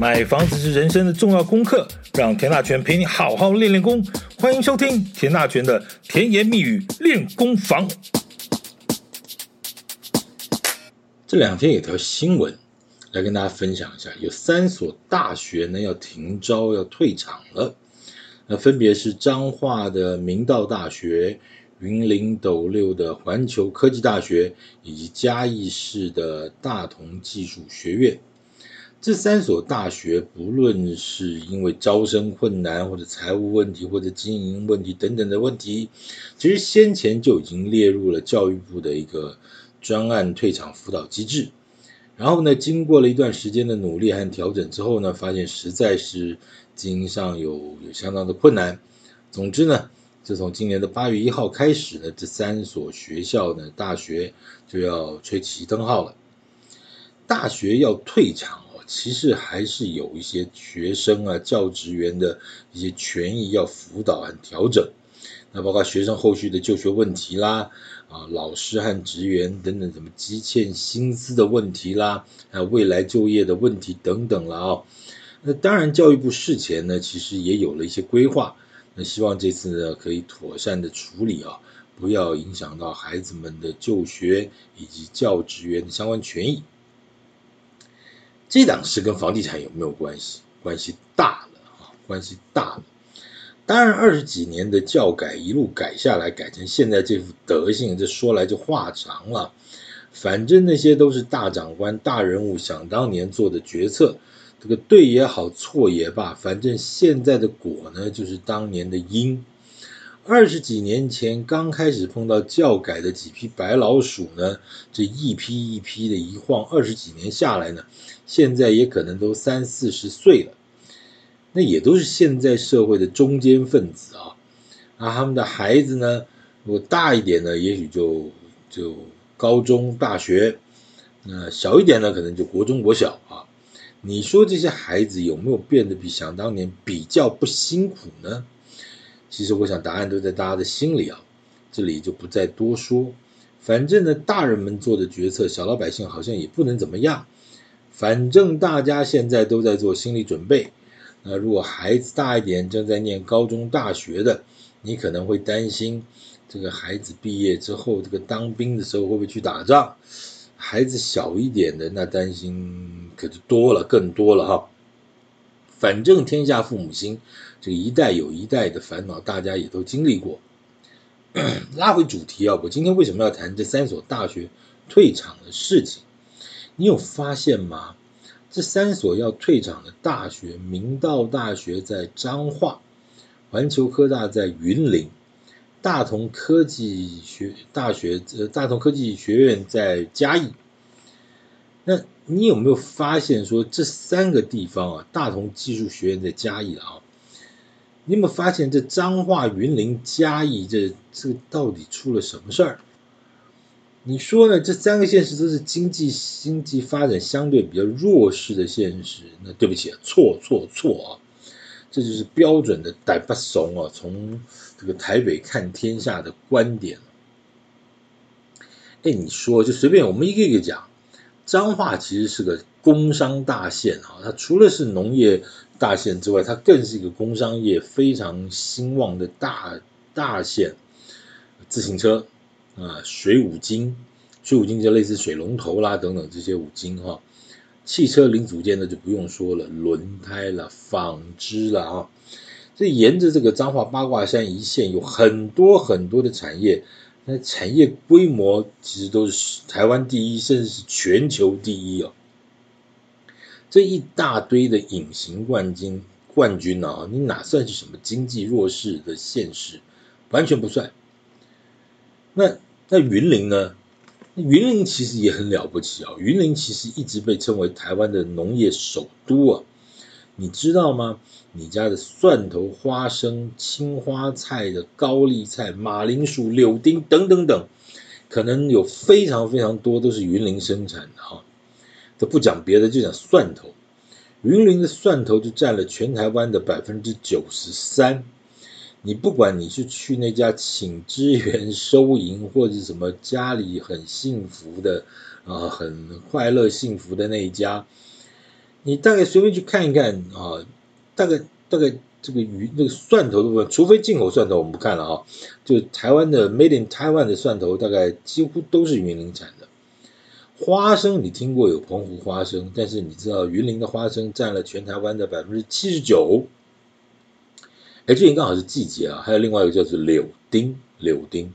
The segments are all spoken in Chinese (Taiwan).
買房子是人生的重要功課，讓田大權陪你好好練練功。歡迎收聽田大權的甜言蜜語練功房。這兩天有條新聞，來跟大家分享一下：有三所大學呢要停招、要退場了，那分別是彰化的明道大學、雲林斗六的環球科技大學，以及嘉義市的大同技術學院。這三所大學，不論是因為招生困難，或者財務問題，或者經營問題等等的問題，其實先前就已經列入了教育部的一個專案退場輔導機制。然後呢，經過了一段時間的努力和調整之後呢，發現實在是經營上有有相當的困難。總之呢，自從今年的八月一號開始呢，這三所學校呢，大學就要吹熄燈號了，大學要退場。其實還是有一些學生啊、教職員的一些權益要輔導和調整，那包括學生後續的就學問題啦，啊，老師和職員等等什麼積欠薪資的問題啦，還有、啊、未來就業的問題等等了啊、哦。那當然，教育部事前呢其實也有了一些規劃，那希望這次呢可以妥善的處理啊，不要影響到孩子們的就學以及教職員的相關權益。這檔事跟房地產有沒有關係？關係大了啊，關係大了。當然，二十幾年的教改一路改下來，改成現在這副德性，這說來就話長了。反正那些都是大長官、大人物想當年做的決策，這個對也好，錯也罷，反正現在的果呢，就是當年的因。二十幾年前剛開始碰到教改的幾批白老鼠呢，這一批一批的，一晃二十幾年下來呢，現在也可能都三四十歲了，那也都是現在社會的中堅分子啊。啊，他們的孩子呢，如果大一點呢，也許就就高中大學；那小一點呢，可能就國中國小啊。你說這些孩子有沒有變得比想當年比較不辛苦呢？其實我想答案都在大家的心裡啊，這裡就不再多說。反正呢，大人們做的決策，小老百姓好像也不能怎麼樣。反正大家現在都在做心理準備。那如果孩子大一點，正在念高中、大學的，你可能會擔心這個孩子畢業之後，這個當兵的時候會不會去打仗？孩子小一點的，那擔心可就多了，更多了哈。反正天下父母心。這一代有一代的煩惱，大家也都經歷過。 拉回主題啊，我今天為什麼要談這三所大學退場的事情？你有發現嗎？這三所要退場的大學，明道大學在彰化，環球科大在雲林，大同科技學，大學，呃，大同科技學院在嘉義。那你有沒有發現說這三個地方啊，大同技術學院在嘉義啊？你有沒有發現這彰化、雲林、嘉義，這這到底出了什麼事兒？你說呢？這三個縣市，都是經濟經濟發展相對比較弱勢的縣市。那對不起，錯錯錯啊！這就是標準的台北慫啊，從這個台北看天下的觀點。誒，你說就隨便我們一個一個講，彰化其實是個工商大縣啊，它除了是農業。大縣之外，它更是一個工商業非常興旺的大大縣。自行車啊，水五金，水五金就類似水龍頭啦等等這些五金哈。汽車零組件呢就不用說了，輪胎啦、紡織啦啊。這沿着這個彰化八卦山一線，有很多很多的產業，那產業規模其實都是台灣第一，甚至是全球第一哦。這一大堆的隱形冠軍冠軍啊，你哪算是什麼經濟弱勢的縣市？完全不算。那那雲林呢？雲林其實也很了不起啊。雲林其實一直被稱為台灣的農業首都啊。你知道嗎？你家的蒜頭、花生、青花菜的高麗菜、馬鈴薯、柳丁等等等，可能有非常非常多都是雲林生產的哈、啊。都不講別的，就講蒜頭。雲林的蒜頭就占了全台灣的百分之九十三。你不管你是去那家請支援收銀，或者什麼家裡很幸福的啊，很快樂幸福的那一家，你大概隨便去看一看啊，大概大概這個魚那個蒜頭的部分，除非進口蒜頭，我們不看了啊。就台灣的 Made in Taiwan 的蒜頭，大概幾乎都是雲林產的。花生，你聽過有澎湖花生，但是你知道雲林的花生佔了全台灣的百分之七十九。哎，最近剛好是季節啊，還有另外一個叫做柳丁，柳丁，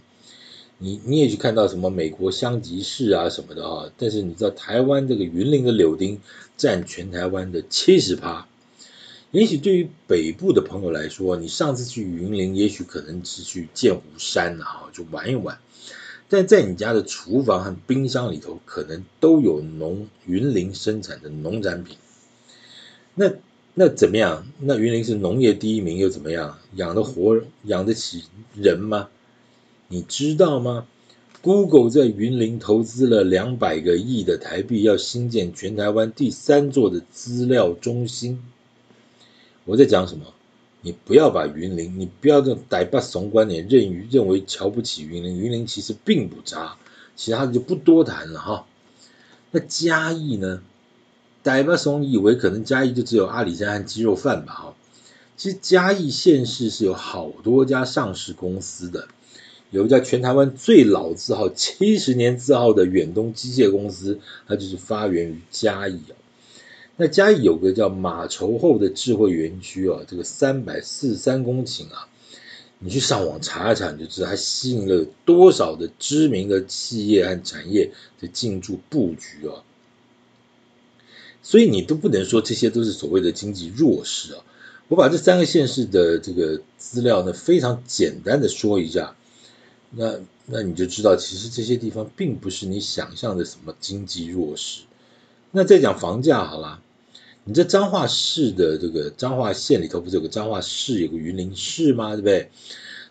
你你也去看到什麼美國香吉士啊什麼的啊，但是你知道台灣這個雲林的柳丁占全台灣的七十趴。也許對於北部的朋友來說，你上次去雲林，也許可能是去劍湖山啊，就玩一玩。但在你家的廚房和冰箱裡頭，可能都有農雲林生產的農產品。那那怎麼樣？那雲林是農業第一名，又怎麼樣？養得活、養得起人嗎？你知道嗎？Google 在雲林投資了兩百個億的台幣，要新建全台灣第三座的資料中心。我在講什麼？你不要把雲林，你不要這種呆巴慫觀點認為，認為瞧不起雲林。雲林其實並不差，其他的就不多談了哈。那嘉義呢？呆巴慫以為可能嘉義就只有阿里山和雞肉飯吧？哈，其實嘉義縣市是有好多家上市公司的，有一家全台灣最老字號、七十年字號的遠東機械公司，它就是發源於嘉義。那嘉義有個叫馬稠後的智慧園區哦、啊，這個三百四十三公頃啊，你去上網查一查，你就知道它吸引了多少的知名的企業和產業的進駐布局哦、啊。所以你都不能說這些都是所謂的經濟弱勢啊。我把這三個縣市的這個資料呢，非常簡單的說一下，那那你就知道，其實這些地方並不是你想象的什麼經濟弱勢。那再講房價，好了。你這彰化市的這個彰化縣裡頭不是有個彰化市有個員林市嗎？對不對？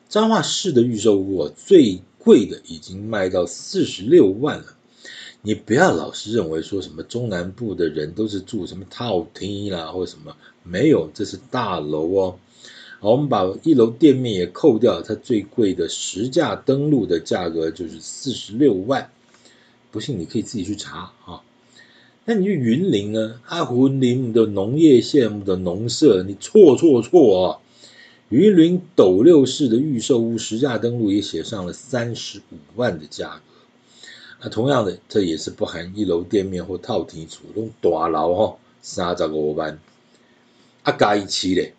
彰化市的預售屋、啊、最貴的已經賣到四十六萬了。你不要老是認為說什麼中南部的人都是住什麼套廳啦、啊、或者什麼，沒有，這是大樓哦。好，我們把一樓店面也扣掉，它最貴的實價登錄的價格就是四十六萬。不信你可以自己去查啊。那你去雲林呢、啊？阿、啊、雲林的農業縣的農舍，你錯錯錯啊！雲林斗六市的預售屋，實價登錄也寫上了三十五萬的價格。那同樣的，這也是不含一樓店面或透天厝，都大老吼三十幾萬啊，嘉義市嘞，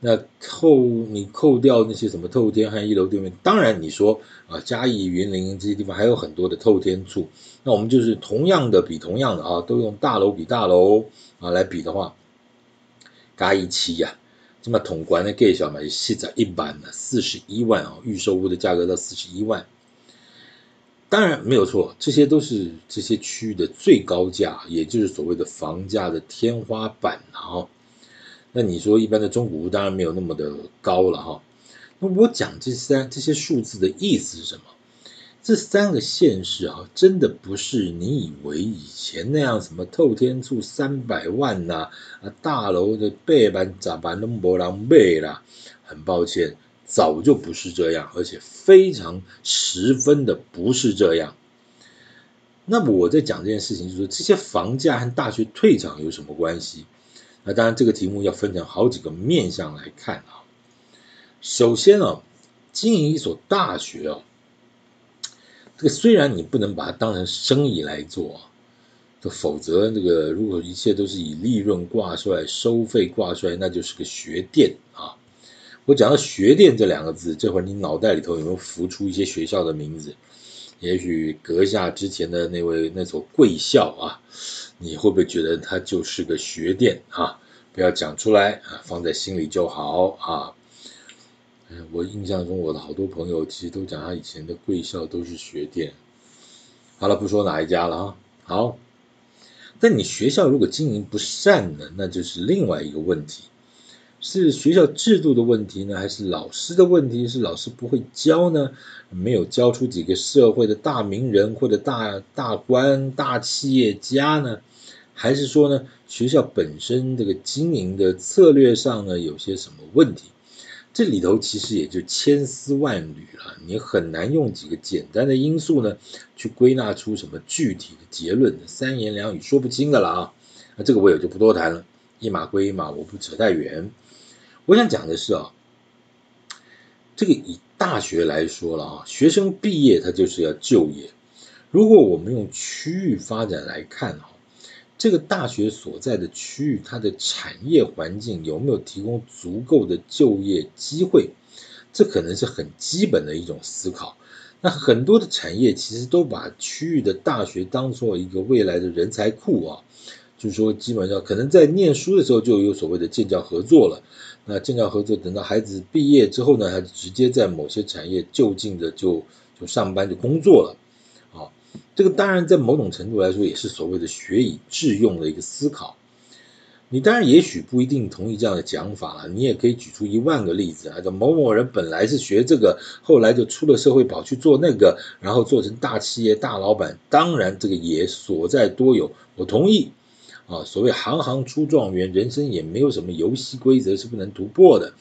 那扣你扣掉那些什麼透天和一樓店面，當然你說啊，嘉義雲林這些地方還有很多的透天厝。那我們就是同樣的比同樣的啊，都用大樓比大樓啊來比的話，嘎一期呀、啊，什麼統管的蓋小麼，現在一般的四十一萬啊，預售屋的價格到四十一萬，當然沒有錯，這些都是這些區域的最高價，也就是所謂的房價的天花板啊。哈。那你說一般的中古屋當然沒有那麼的高了哈、啊。那我講這些這些數字的意思是什麼？這三個縣市啊，真的不是你以為以前那樣什麼透天厝三百萬吶、啊，啊大樓的背板、展板，都破爛背啦。很抱歉，早就不是這樣，而且非常十分的不是這樣。那麼我在講這件事情，就是這些房價和大學退場有什麼關係？啊，當然這個題目要分成好幾個面向來看啊。首先啊，經營一所大學啊。這個雖然你不能把它當成生意來做啊，就否則這個如果一切都是以利潤掛帥、收費掛帥，那就是個學店啊！我講到學店這兩個字，這會兒你腦袋裡頭有沒有浮出一些學校的名字？也許閣下之前的那位那所貴校啊，你會不會覺得它就是個學店啊？不要講出來啊，放在心裡就好啊。我印象中，我的好多朋友其實都講他以前的貴校都是學店。好了，不說哪一家了啊。好，但你學校如果經營不善呢，那就是另外一個問題，是學校制度的問題呢，還是老師的問題？是老師不會教呢？沒有教出幾個社會的大名人或者大大官、大企業家呢？還是說呢，學校本身這個經營的策略上呢，有些什麼問題？這裡頭其實也就千絲萬縷了，你很難用幾個簡單的因素呢，去歸納出什麼具體的結論，三言兩語說不清的了啊。那這個我也就不多談了，一碼歸一碼，我不扯太遠。我想講的是啊，這個以大學來說了啊，學生畢業他就是要就業。如果我們用區域發展來看啊。這個大學所在的區域，它的產業環境有沒有提供足夠的就業機會？這可能是很基本的一種思考。那很多的產業其實都把區域的大學當做一個未來的人才庫啊，就是說基本上可能在念書的時候就有所謂的建教合作了。那建教合作，等到孩子畢業之後呢，他就直接在某些產業就近的就就上班就工作了。這個當然在某種程度來說也是所謂的學以致用的一個思考，你當然也許不一定同意這樣的講法，你也可以舉出一萬個例子啊，叫某某人本來是學這個，後來就出了社會跑去做那個，然後做成大企業大老闆，當然這個也所在多有，我同意啊，所謂行行出狀元，人生也沒有什麼遊戲規則是不能突破的，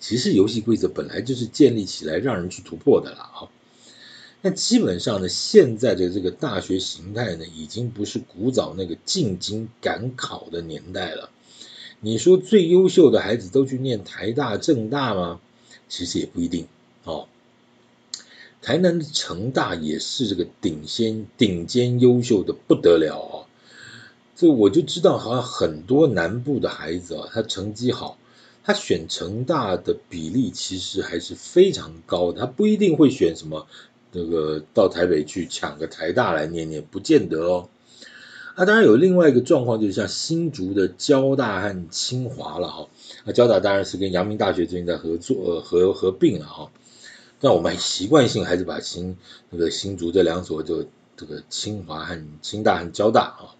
其實遊戲規則本來就是建立起來讓人去突破的了啊。那基本上呢，現在的這個大學形態呢，已經不是古早那個進京趕考的年代了。你說最優秀的孩子都去念台大、政大嗎？其實也不一定哦。台南的成大也是這個頂尖、頂尖優秀的不得了啊、哦。這我就知道，好像很多南部的孩子啊，他成績好，他選成大的比例其實還是非常高的，他不一定會選什麼。那、這個到台北去搶個台大來念念，不見得哦。啊，當然有另外一個狀況，就是像新竹的交大和清華了哈。那、啊、交大當然是跟陽明大學最近在合作、呃、合合併了哈、啊。但我們習慣性還是把新那、這個新竹這兩所就，就這個清華和清大和交大啊。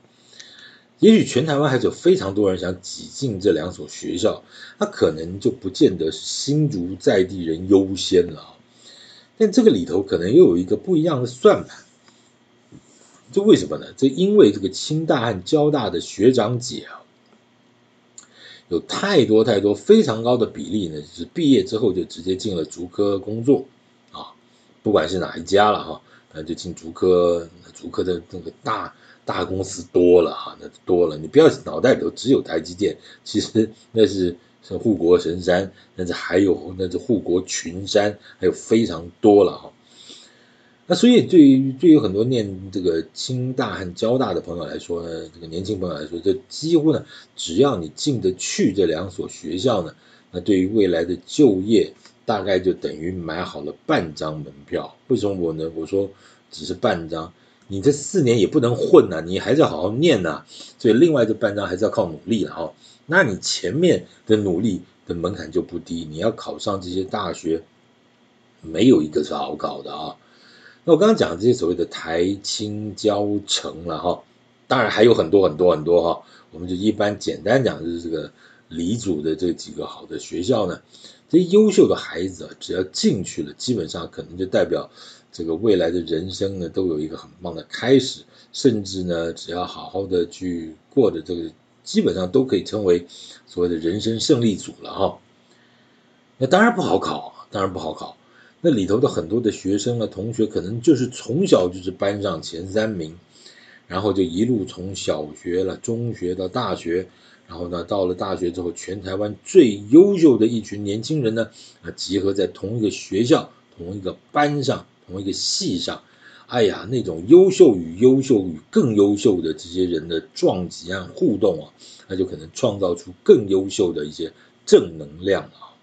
也許全台灣還是有非常多人想擠進這兩所學校，那、啊、可能就不見得是新竹在地人優先了。但這個裡頭可能又有一個不一樣的算盤，這為什麼呢？這因為這個清大和交大的學長姐啊，有太多太多非常高的比例呢，就是畢業之後就直接進了竹科工作啊，不管是哪一家了哈，那、啊、就進竹科，竹科的那個大大公司多了哈、啊，那多了，你不要腦袋裡頭只有台積電，其實那是。護國神山，那是還有那是護國群山，還有非常多了哈。那所以對於對於很多念這個清大和交大的朋友來說呢，這個年輕朋友來說，這幾乎呢，只要你進得去這兩所學校呢，那對於未來的就業，大概就等於買好了半張門票。為什麼我呢？我說只是半張，你這四年也不能混吶、啊，你還是要好好念吶、啊。所以另外這半張還是要靠努力的、啊、哈。那你前面的努力的門檻就不低，你要考上這些大學，沒有一個是好考的啊。那我剛剛講的這些所謂的台清交成了哈，當然還有很多很多很多哈，我們就一般簡單講就是這個離主的這幾個好的學校呢，這些優秀的孩子啊，只要進去了，基本上可能就代表這個未來的人生呢，都有一個很棒的開始，甚至呢，只要好好的去過着這個。基本上都可以稱為所謂的人生勝利組了哈啊，那當然不好考啊，當然不好考。那裡頭的很多的學生啊、同學，可能就是從小就是班上前三名，然後就一路從小學了中學到大學，然後呢到了大學之後，全台灣最優秀的一群年輕人呢啊，集合在同一個學校、同一個班上、同一個系上。哎呀，那種優秀與優秀與更優秀的這些人的撞擊啊、互動啊，那就可能創造出更優秀的一些正能量啊。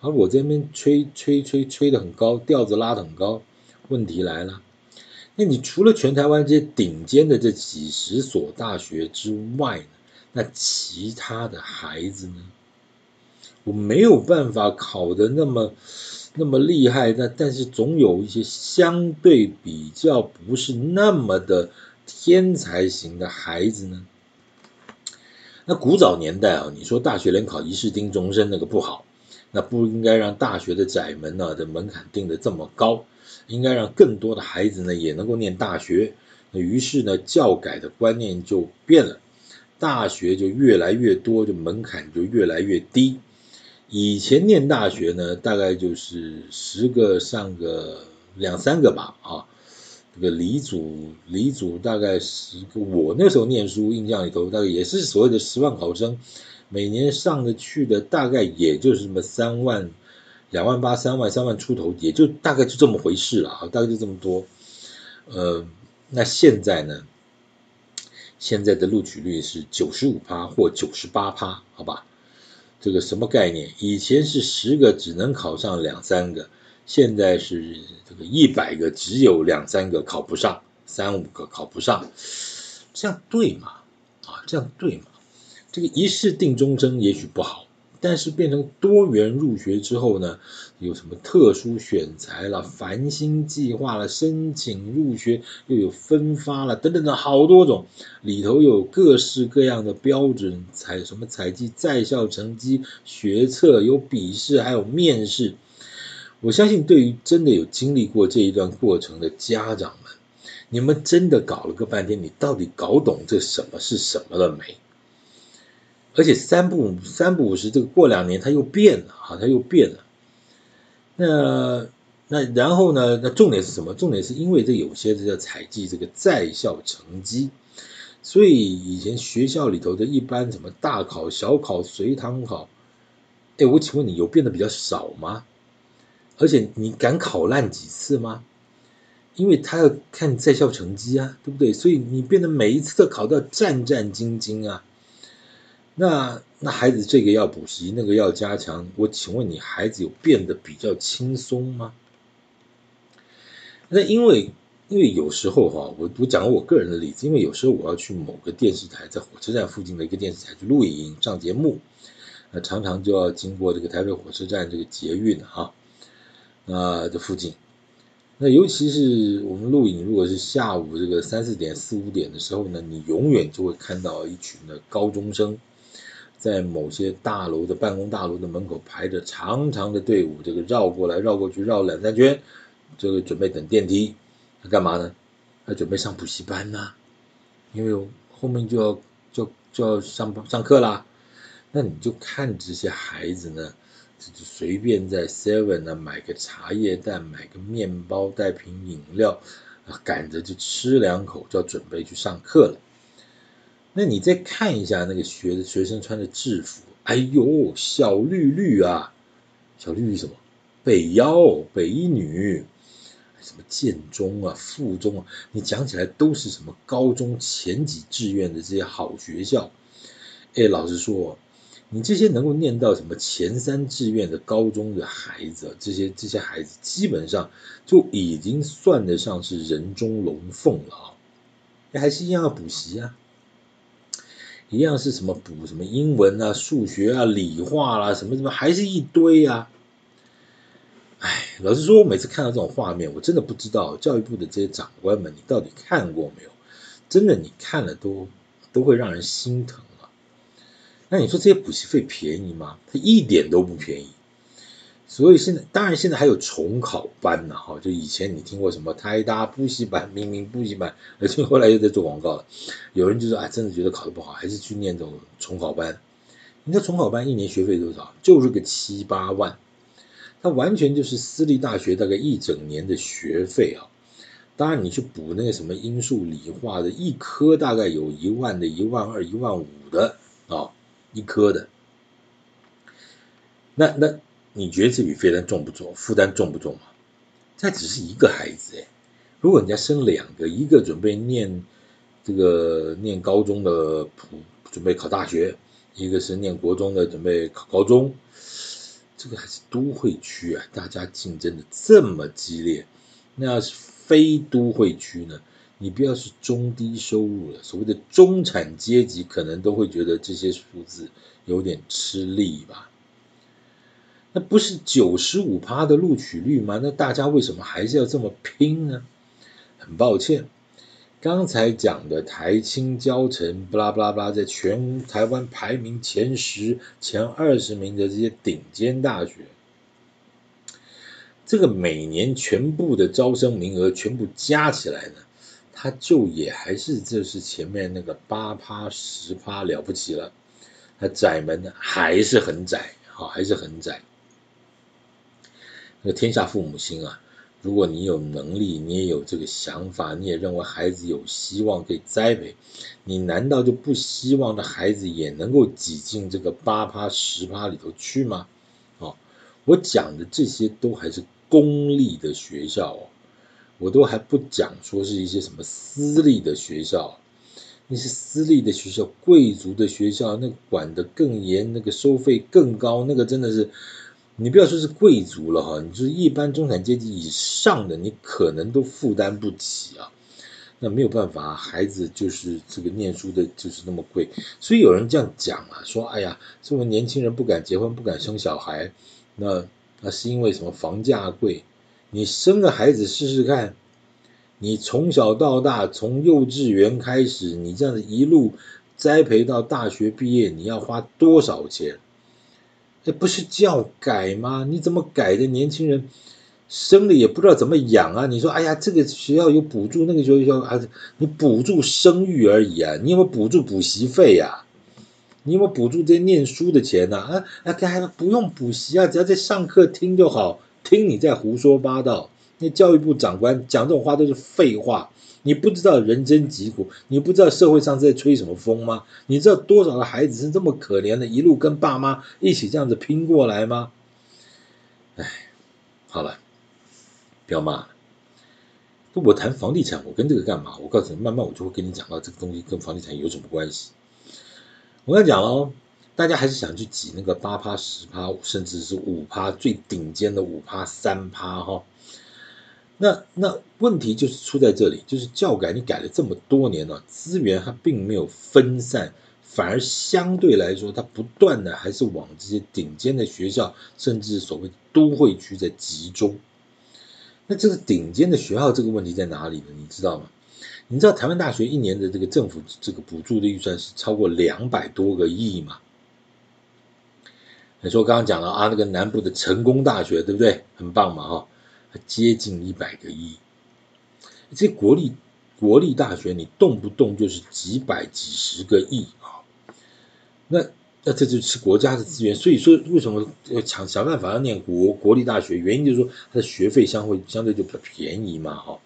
而、啊、我這邊吹吹吹吹的很高，調子拉的很高，問題來了，那你除了全台灣這些頂尖的這幾十所大學之外呢，那其他的孩子呢，我沒有辦法考得那麼。那麼厲害，但但是總有一些相對比較不是那麼的天才型的孩子呢。那古早年代啊，你說大學聯考一試，定終身那個不好，那不應該讓大學的窄門呢、啊、的門檻定得這麼高，應該讓更多的孩子呢也能夠念大學。那於是呢，教改的觀念就變了，大學就越來越多，就門檻就越來越低。以前念大學呢，大概就是十個上個兩三個吧啊，這個理組理組大概十個，我那時候念書印象裡頭，大概也是所謂的十萬考生，每年上的去的大概也就是什麼三萬兩萬八三萬三萬出頭，也就大概就這麼回事了啊，大概就這麼多。嗯、呃，那現在呢，現在的錄取率是九十五趴或九十八趴，好吧？這個什麼概念？以前是十個只能考上兩三個，現在是這個一百個只有兩三個考不上，三五個考不上，這樣對嗎？啊，這樣對嗎？這個一試定終身也許不好。但是變成多元入學之後呢，有什麼特殊選才了、繁星計劃了、申請入學又有分發了等等等好多種，裡頭有各式各樣的標準，採什麼採計在校成績、學測，有筆試還有面試。我相信對於真的有經歷過這一段過程的家長們，你們真的搞了個半天，你到底搞懂這什麼是什麼了沒？而且三不五三不五時，這個過兩年，它又變了啊，它又變了。那那然後呢？那重點是什麼？重點是因為這有些這叫採計這個在校成績，所以以前學校裡頭的一般什麼大考、小考、隨堂考，哎，我請問你有變得比較少嗎？而且你敢考爛幾次嗎？因為他要看在校成績啊，對不對？所以你變得每一次都考到戰戰兢兢啊。那那孩子這個要補習，那個要加強。我請問你，孩子有變得比較輕鬆嗎？那因為因為有時候哈、啊，我我講我個人的例子，因為有時候我要去某個電視台，在火車站附近的一個電視台去錄影，上節目，那、呃、常常就要經過這個台北火車站這個捷運啊啊這、呃、附近。那尤其是我們錄影，如果是下午這個三四點、四五點的時候呢，你永遠就會看到一群的高中生。在某些大樓的辦公大樓的門口排着長長的隊伍，這個繞過來繞過去繞兩三圈，這個準備等電梯，他幹嘛呢？他準備上補習班吶，啊，因為後面就要就就要上上課啦。那你就看這些孩子呢，就隨便在 Seven 呢買個茶葉蛋，買個麵包，帶瓶飲料，啊，趕着就吃兩口，就要準備去上課了。那你再看一下那個學的學生穿的制服，哎呦，小綠綠啊，小綠綠什麼？北幺，北一女，什麼建中啊，附中啊，你講起來都是什麼高中前幾志願的這些好學校。哎，老實說，你這些能夠念到什麼前三志願的高中的孩子，這些這些孩子基本上就已經算得上是人中龍鳳了啊，哎，還是一樣要補習啊。一樣是什麼補什麼英文啊、數學啊、理化啦、啊、什麼什麼還是一堆啊，哎，老實說，我每次看到這種畫面，我真的不知道教育部的這些長官們，你到底看過沒有？真的，你看了都都會讓人心疼啊。那你說這些補習費便宜嗎？它，一點都不便宜。所以現在當然現在還有重考班呢、啊，哈、哦，就以前你聽過什麼台大補習班、明明補習班，而且後來又在做廣告了。有人就說啊、哎，真的覺得考得不好，還是去念這種重考班。你看重考班一年學費多少？就是個七八萬，它完全就是私立大學大概一整年的學費啊。當然你去補那個什麼英數理化的一科大概有一萬的、一萬二、一萬五的啊，一科的。那那。你覺得這筆負擔重不重？負擔重不重啊？這只是一個孩子哎。如果人家生兩個，一個準備念這個念高中的普，準備考大學；一個是念國中的，準備考高中。這個還是都會區啊，大家競爭的這麼激烈。那要是非都會區呢？你不要是中低收入的，所謂的中產階級，可能都會覺得這些數字有點吃力吧。那不是九十五趴的錄取率嗎？那大家為什麼還是要這麼拼呢？很抱歉，剛才講的台清交成，巴拉巴拉，在全台灣排名前十、前二十名的這些頂尖大學，這個每年全部的招生名額全部加起來呢，它就也還是這是前面那個八趴十趴了不起了，它窄門呢，哦，還是很窄，好，還是很窄。那個天下父母心啊！如果你有能力，你也有這個想法，你也認為孩子有希望可以栽培，你難道就不希望這孩子也能夠擠進這個八趴十趴裡頭去嗎？哦，我講的這些都還是公立的學校，哦，我都還不講說是一些什麼私立的學校，那些私立的學校、貴族的學校，那個、管得更嚴，那個收費更高，那個真的是。你不要說是貴族了哈，你就是一般中產階級以上的，你可能都負擔不起啊。那沒有辦法，孩子就是這個念書的，就是那麼貴。所以有人這樣講啊，說哎呀，這麼年輕人不敢結婚，不敢生小孩，那那是因為什麼？房價貴。你生個孩子試試看，你從小到大，從幼稚園開始，你這樣子一路栽培到大學畢業，你要花多少錢？不是教改嗎？你怎麼改的？年輕人生了也不知道怎麼養啊！你說，哎呀，這個學校有補助，那個學校啊，你補助生育而已啊！你有沒有補助補習費呀？你有沒有補助這些念書的錢呢？啊啊！還不用補習啊，只要在上課聽就好。聽你在胡說八道，那教育部長官講這種話都是廢話。你不知道人真疾苦，你不知道社會上在吹什麼風嗎？你知道多少的孩子是這麼可憐的，一路跟爸媽一起這樣子拼過來嗎？哎，好了，不要罵了嘛，我談房地產，我跟這個幹嘛？我告訴你，慢慢我就會跟你講到這個東西跟房地產有什麼關係。我跟你講哦，大家還是想去擠那個八趴、十趴，甚至是五趴，最頂尖的五趴、三趴哈。那那問題就是出在這裡，就是教改你改了這麼多年了、啊，資源它並沒有分散，反而相對來說它不斷的還是往這些頂尖的學校，甚至所謂都會區在集中。那這個頂尖的學校這個問題在哪裡呢？你知道嗎？你知道台灣大學一年的這個政府這個補助的預算是超過兩百多個億嗎？你說剛剛講了啊，那個南部的成功大學對不對？很棒嘛哈、哦。接近一百個億，這國立國立大學，你動不動就是幾百幾十個億啊，那那這就是國家的資源，所以說為什麼要想想辦法要念國國立大學？原因就是說它的學費相會相對就比較便宜嘛，哈，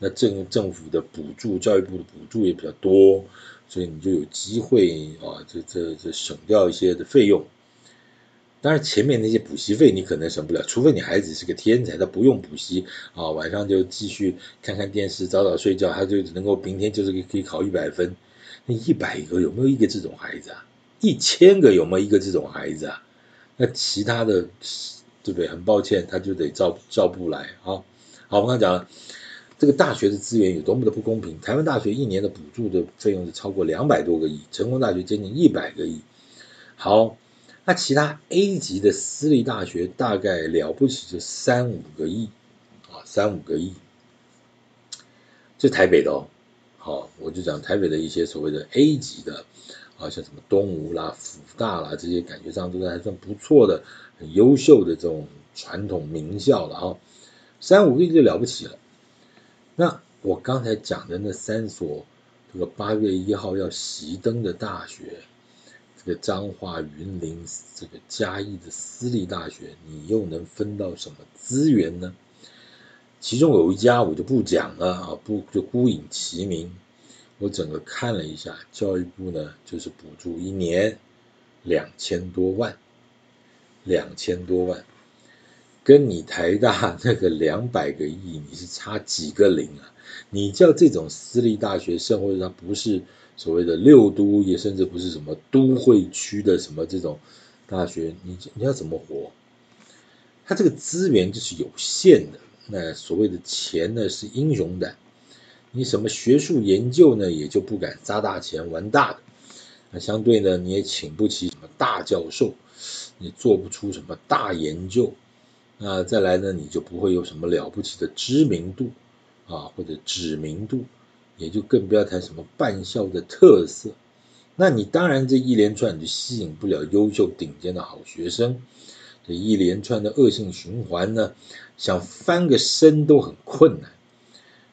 那政政府的補助，教育部的補助也比較多，所以你就有機會啊，這這這省掉一些的費用。當然，前面那些補習費你可能省不了，除非你孩子是個天才，他不用補習啊，晚上就繼續看看電視，早早睡覺，他就能夠明天就是可以，可以考一百分。那一百個有沒有一個這種孩子啊？一千個有沒有一個這種孩子啊？那其他的，對不對？很抱歉，他就得照照步來啊。好，我剛才講了這個大學的資源有多麼的不公平，台灣大學一年的補助的費用是超過兩百多個億，成功大學接近，近一百個億。好。那其他 A 級的私立大學大概了不起就三五個億啊，三五個億，就台北的哦。好，我就講台北的一些所謂的 A 級的，啊，像什麼東吳啦、輔大啦這些，感覺上都是還算不錯的、很優秀的這種傳統名校了啊。三五個億就了不起了。那我剛才講的那三所，這個八月一號要熄燈的大學，這個彰化雲林這個嘉義的私立大學，你又能分到什麼資源呢？其中有一家我就不講了啊，不就姑隱其名。我整個看了一下，教育部呢就是補助一年兩千多萬，兩千多萬，跟你台大那個兩百個億，你是差幾個零啊？你叫這種私立大學生，社會上不是？所謂的六都也甚至不是什麼都會區的什麼這種大學，你你要怎麼活？它這個資源就是有限的。那所謂的錢呢是英雄膽，你什麼學術研究呢也就不敢砸大錢玩大的。那相對呢，你也請不起什麼大教授，你做不出什麼大研究。那再來呢，你就不會有什麼了不起的知名度啊或者指名度。也就更不要談什麼辦校的特色，那你當然這一連串你就吸引不了優秀頂尖的好學生，這一連串的惡性循環呢，想翻個身都很困難。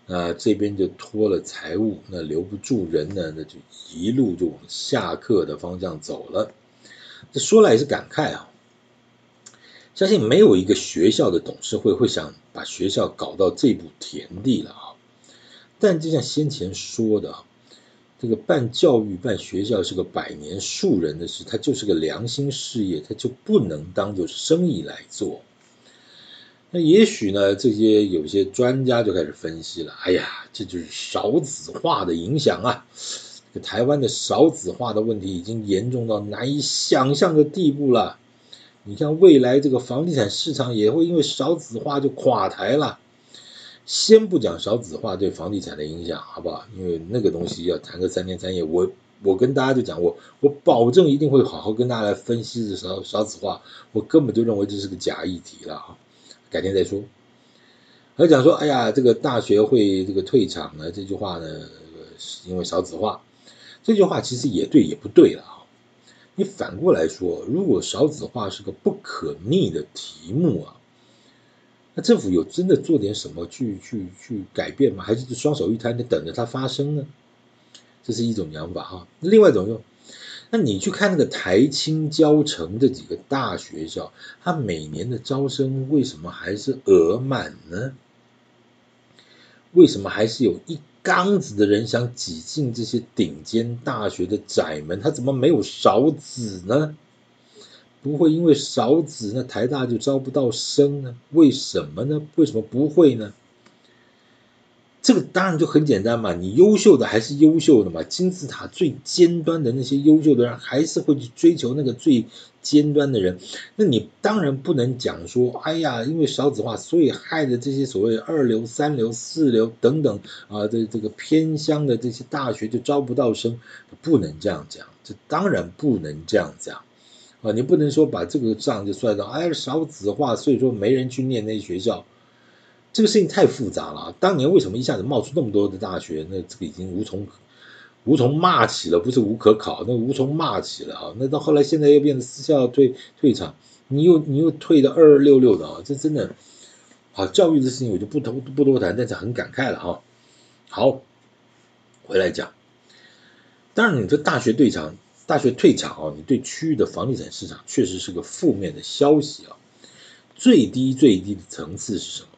那、啊、這邊就拖了財務，那留不住人呢，那就一路就往下課的方向走了。這說來也是感慨啊，相信沒有一個學校的董事會會想把學校搞到這一步田地了啊。但就像先前說的，這個辦教育、辦學校是個百年樹人的事，它就是個良心事業，它就不能當做生意來做。那也許呢，這些有些專家就開始分析了，哎呀，這就是少子化的影響啊！這個台灣的少子化的問題已經嚴重到難以想象的地步了。你像未來這個房地產市場也會因為少子化就垮台了。先不講少子化對房地產的影響，好不好？因為那個東西要談個三天三夜，我我跟大家就講，我我保證一定會好好跟大家來分析這少少子化，我根本就認為這是個假議題了啊，改天再說。還講說，哎呀，這個大學會這個退場呢，這句話呢，是因為少子化，這句話其實也對也不對了啊。你反過來說，如果少子化是個不可逆的題目啊。那政府有真的做點什麼去去去改變嗎？還是雙手一攤的等着它發生呢？這是一種想法哈。另外一種用，那你去看那個台清交成這幾個大學校，它每年的招生為什麼還是額滿呢？為什麼還是有一缸子的人想擠進這些頂尖大學的窄門？它怎麼沒有少子呢？不會因為少子呢，那台大就招不到生呢？為什麼呢？為什麼不會呢？這個當然就很簡單嘛，你優秀的還是優秀的嘛，金字塔最尖端的那些優秀的人，還是會去追求那個最尖端的人。那你當然不能講說，哎呀，因為少子化，所以害的這些所謂二流、三流、四流等等啊，這、呃、這個偏鄉的這些大學就招不到生，不能這樣講，這當然不能這樣講。啊、你不能說把這個賬就算到，哎，少子化，所以說沒人去念那些學校，這個事情太複雜了、啊。當年為什麼一下子冒出那麼多的大學？那這個已經無從無從罵起了，不是無可考，那無從罵起了啊。那到後來現在又變成私校退退場，你又你又退的二二六六的啊，這真的好、啊、教育的事情我就不多不多談，但是很感慨了哈、啊。好，回來講，當然你這大學退場。大學退場啊，你對區域的房地產市場確實是個負面的消息啊。最低最低的層次是什麼？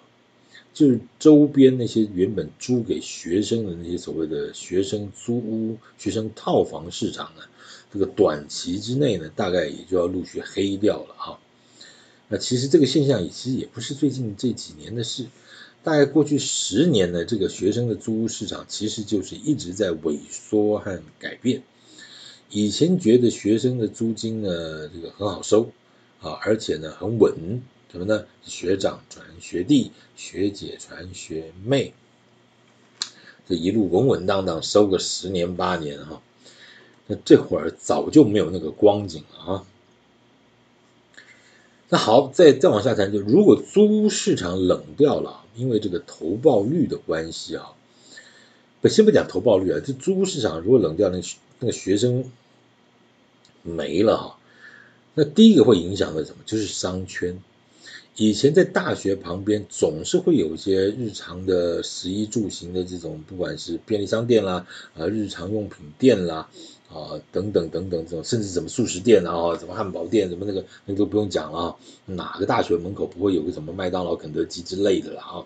就是周邊那些原本租給學生的那些所謂的學生租屋、學生套房市場呢？這個短期之內呢，大概也就要陸續黑掉了啊。那其實這個現象也其實也不是最近這幾年的事，大概過去十年呢，這個學生的租屋市場其實就是一直在萎縮和改變。以前覺得學生的租金呢，這個很好收啊，而且呢很穩，什麼呢？學長傳學弟，學姐傳學妹，這一路穩穩當當收個十年八年哈、啊。那這會兒早就沒有那個光景了啊。那好，再再往下談就，就如果租市場冷掉了，因為這個投報率的關係啊，不先不講投報率啊，這租市場如果冷掉，那那個學生。沒了哈、啊，那第一個會影響的什麼？就是商圈。以前在大學旁邊總是會有一些日常的食衣住行的這種，不管是便利商店啦啊，日常用品店啦啊，等等等等這種，甚至什麼速食店啊，什麼漢堡店，什麼那個那都不用講了啊，哪個大學門口不會有個什麼麥當勞、肯德基之類的了啊？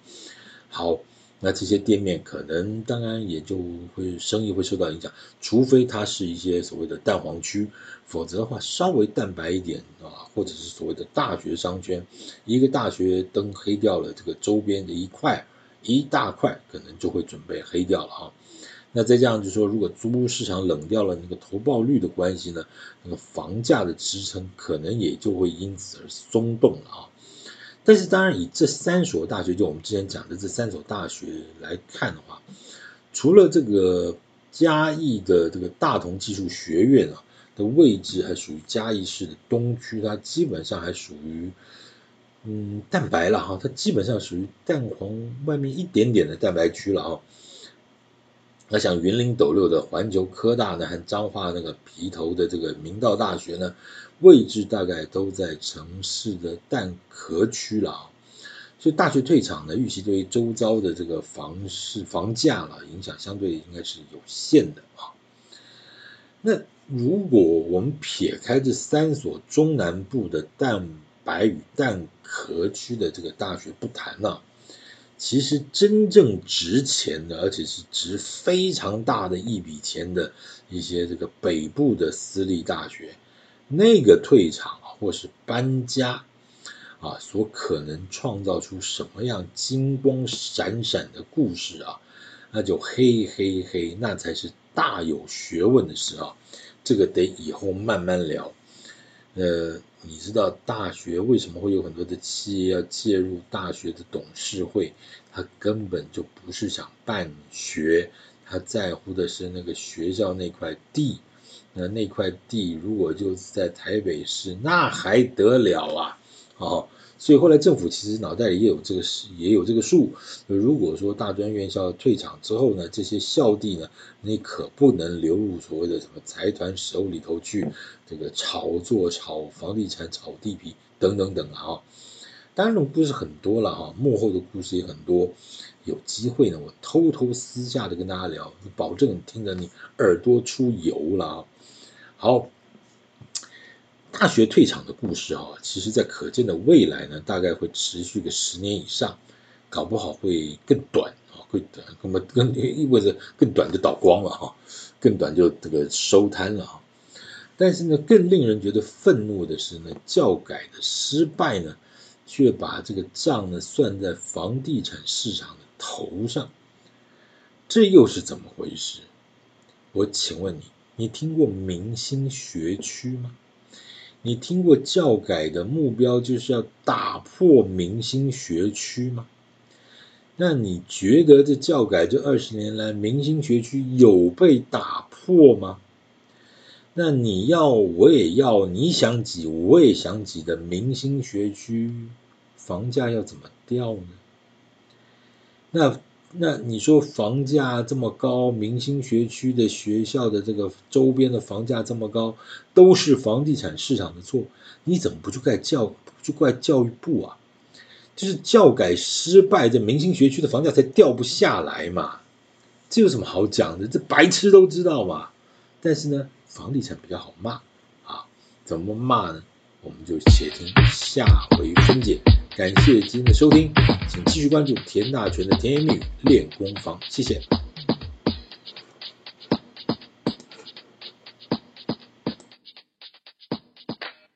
好。那這些店面可能當然也就會生意會受到影響，除非它是一些所謂的蛋黃區，否則的話稍微蛋白一點啊，或者是所謂的大學商圈，一個大學燈黑掉了，這個周邊的一塊一大塊可能就會準備黑掉了啊。那再這樣就說如果租屋市場冷掉了，那個投報率的關係呢，那個房價的支撐可能也就會因此而鬆動了啊。但是當然，以這三所大學，就我們之前講的這三所大學來看的話，除了這個嘉義的這個大同技術學院啊，的位置還屬於嘉義市的東區，它基本上還屬於嗯蛋白了哈啊，它基本上屬於蛋黃外面一點點的蛋白區了啊。那像雲林斗六的環球科大呢，和彰化那個埤頭的這個明道大學呢，位置大概都在城市的蛋殼區了啊，所以大學退場呢，預期對於周遭的這個房市房價啊，影響，相對應該是有限的啊。那如果我們撇開這三所中南部的蛋白與蛋殼區的這個大學不談呢？其實真正值錢的，而且是值非常大的一筆錢的，一些這個北部的私立大學，那個退場啊，或是搬家啊，所可能創造出什麼樣金光閃閃的故事啊，那就嘿嘿嘿，那才是大有學問的事啊，這個得以後慢慢聊，呃。你知道大學為什麼會有很多的企業要介入大學的董事會？他根本就不是想辦學，他在乎的是那個學校那塊地。那那塊地如果就在台北市，那還得了啊！哦。所以後來政府其實腦袋裡也有這個，也有這個數。如果說大專院校退場之後呢，這些校地呢，你可不能流入所謂的什麼財團手裡頭去，這個炒作、炒房地產、炒地皮等等等啊。當然，這種故事很多了啊，幕後的故事也很多。有機會呢，我偷偷私下的跟大家聊，你保證聽着你耳朵出油了啊。好。大學退場的故事啊、哦，其實在可見的未來呢，大概會持續個十年以上，搞不好會更短啊，會短，那麼更意味着更短就倒光了哈，更短就這個收攤了啊。但是呢，更令人覺得憤怒的是呢，教改的失敗呢，卻把這個賬呢算在房地產市場的頭上，這又是怎麼回事？我請問你，你聽過明星學區嗎？你聽過教改的目標就是要打破明星學區嗎？那你覺得這教改這二十年來，明星學區有被打破嗎？那你要我也要，你想擠我也想擠的明星學區房價要怎麼掉呢？那。那你說房價這麼高，明星學區的學校的這個周邊的房價這麼高，都是房地產市場的錯，你怎麼不去怪教，不去怪教育部啊？就是教改失敗，這明星學區的房價才掉不下來嘛，這有什麼好講的？這白痴都知道嘛。但是呢，房地產比較好罵啊，怎麼罵呢？我們就且聽下回分解。感謝今天的收聽，請繼續關注田大全的甜言蜜語練功房，謝謝。